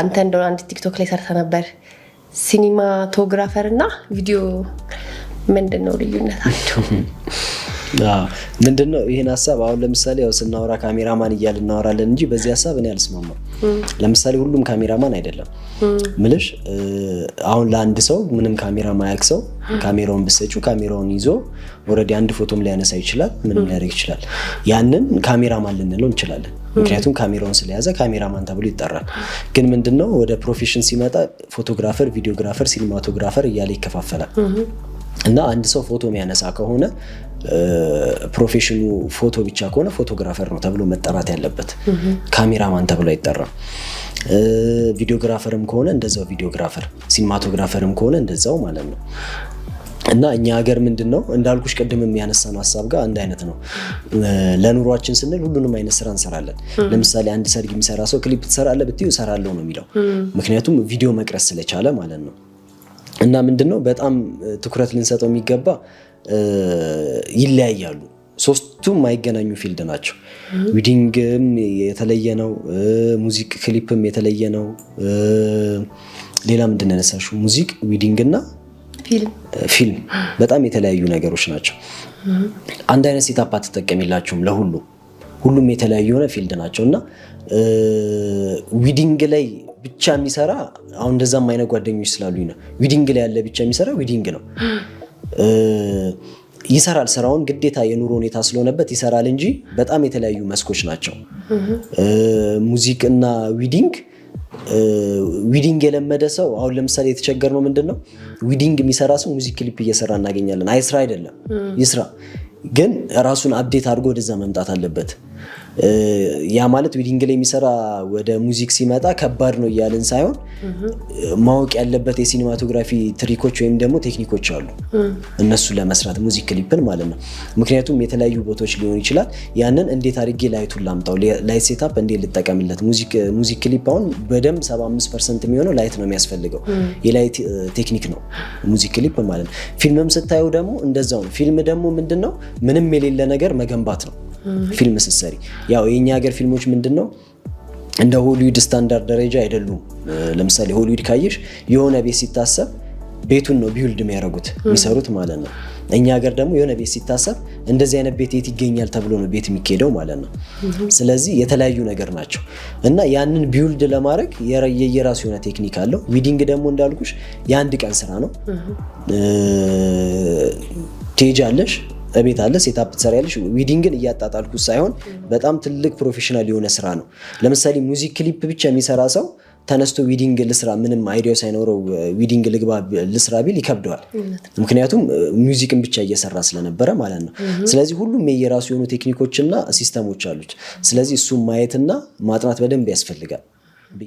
አንተ እንደሆነ አንድ ቲክቶክ ላይ ሰርተ ነበር ሲኒማቶግራፈር እና ቪዲዮ ምንድን ነው ልዩነታቸው? ምንድን ነው ይህን ሀሳብ አሁን ለምሳሌ ያው ስናወራ ካሜራማን እያል እናወራለን እንጂ በዚህ ሀሳብ እኔ አልስማማም። ለምሳሌ ሁሉም ካሜራማን አይደለም ምልሽ። አሁን ለአንድ ሰው ምንም ካሜራ ማያቅ ሰው ካሜራውን ብሰጩ ካሜራውን ይዞ ወረዲ አንድ ፎቶም ሊያነሳ ይችላል፣ ምንም ሊያደርግ ይችላል። ያንን ካሜራማን ልንለው እንችላለን። ምክንያቱም ካሜራውን ስለያዘ ካሜራማን ተብሎ ይጠራል። ግን ምንድነው ወደ ፕሮፌሽን ሲመጣ ፎቶግራፈር፣ ቪዲዮግራፈር፣ ሲኒማቶግራፈር እያለ ይከፋፈላል እና አንድ ሰው ፎቶ የሚያነሳ ከሆነ ፕሮፌሽኑ ፎቶ ብቻ ከሆነ ፎቶግራፈር ነው ተብሎ መጠራት ያለበት፣ ካሜራማን ተብሎ አይጠራም። ቪዲዮግራፈርም ከሆነ እንደዛው ቪዲዮግራፈር፣ ሲኒማቶግራፈርም ከሆነ እንደዛው ማለት ነው። እና እኛ ሀገር ምንድን ነው እንዳልኩሽ ቅድም ነው ሀሳብ ጋር አንድ አይነት ነው። ለኑሯችን ስንል ሁሉንም አይነት ስራ እንሰራለን። ለምሳሌ አንድ ሰርግ የሚሰራ ሰው ክሊፕ ትሰራለ ብትይው እሰራለሁ ነው የሚለው፣ ምክንያቱም ቪዲዮ መቅረስ ስለቻለ ማለት ነው። እና ምንድን ነው በጣም ትኩረት ልንሰጠው የሚገባ ይለያያሉ። ሶስቱም ማይገናኙ ፊልድ ናቸው። ዊዲንግም የተለየ ነው። ሙዚቅ ክሊፕም የተለየ ነው። ሌላ ምንድን ሙዚቅ ዊዲንግ እና ፊልም በጣም የተለያዩ ነገሮች ናቸው። አንድ አይነት ሴታፕ አትጠቀሚላችሁም ለሁሉም። ሁሉም የተለያዩ የሆነ ፊልድ ናቸው እና ዊዲንግ ላይ ብቻ የሚሰራ አሁን እንደዛም አይነት ጓደኞች ስላሉኝ ነው ዊዲንግ ላይ ያለ ብቻ የሚሰራ ዊዲንግ ነው ይሰራል ስራውን ግዴታ የኑሮ ሁኔታ ስለሆነበት ይሰራል እንጂ በጣም የተለያዩ መስኮች ናቸው። ሙዚቅና ዊዲንግ ዊዲንግ የለመደ ሰው አሁን ለምሳሌ ነው ምንድን ነው፣ ዊዲንግ የሚሰራ ሰው ሙዚክ ክሊፕ እየሰራ እናገኛለን። አይስራ አይደለም ይስራ፣ ግን ራሱን አብዴት አድርጎ ወደዛ መምጣት አለበት። ያ ማለት ዊዲንግ ላይ የሚሰራ ወደ ሙዚክ ሲመጣ ከባድ ነው እያልን ሳይሆን ማወቅ ያለበት የሲኒማቶግራፊ ትሪኮች ወይም ደግሞ ቴክኒኮች አሉ፣ እነሱ ለመስራት ሙዚክ ክሊፕን ማለት ነው። ምክንያቱም የተለያዩ ቦታዎች ሊሆን ይችላል። ያንን እንዴት አድርጌ ላይቱን ላምጣው፣ ላይት ሴታፕ እንዴት ልጠቀምለት። ሙዚክ ክሊፕ አሁን በደንብ 75 ፐርሰንት የሚሆነው ላይት ነው የሚያስፈልገው፣ የላይት ቴክኒክ ነው ሙዚክ ክሊፕ ማለት ነው። ፊልምም ስታየው ደግሞ እንደዛው ነው። ፊልም ደግሞ ምንድን ነው ምንም የሌለ ነገር መገንባት ነው። ፊልም ስትሰሪ ያው የኛ ሀገር ፊልሞች ምንድን ነው እንደ ሆሊውድ ስታንዳርድ ደረጃ አይደሉም። ለምሳሌ ሆሊውድ ካየሽ የሆነ ቤት ሲታሰብ ቤቱን ነው ቢውልድ የሚያደርጉት የሚሰሩት ማለት ነው። እኛ ሀገር ደግሞ የሆነ ቤት ሲታሰብ እንደዚህ አይነት ቤት የት ይገኛል ተብሎ ነው ቤት የሚካሄደው ማለት ነው። ስለዚህ የተለያዩ ነገር ናቸው እና ያንን ቢውልድ ለማድረግ የየራሱ የሆነ ቴክኒክ አለው። ዊዲንግ ደግሞ እንዳልኩሽ የአንድ ቀን ስራ ነው። ትሄጃለሽ እቤት አለ ሴታፕ ትሰሪያለሽ። ዊዲንግን እያጣጣልኩት ሳይሆን በጣም ትልቅ ፕሮፌሽናል የሆነ ስራ ነው። ለምሳሌ ሙዚክ ክሊፕ ብቻ የሚሰራ ሰው ተነስቶ ዊዲንግ ልስራ ምንም አይዲያ ሳይኖረው ዊዲንግ ልግባ ልስራ ቢል ይከብደዋል። ምክንያቱም ሙዚቅን ብቻ እየሰራ ስለነበረ ማለት ነው። ስለዚህ ሁሉም የራሱ የሆኑ ቴክኒኮችና ሲስተሞች አሉት። ስለዚህ እሱም ማየትና ማጥናት በደንብ ያስፈልጋል።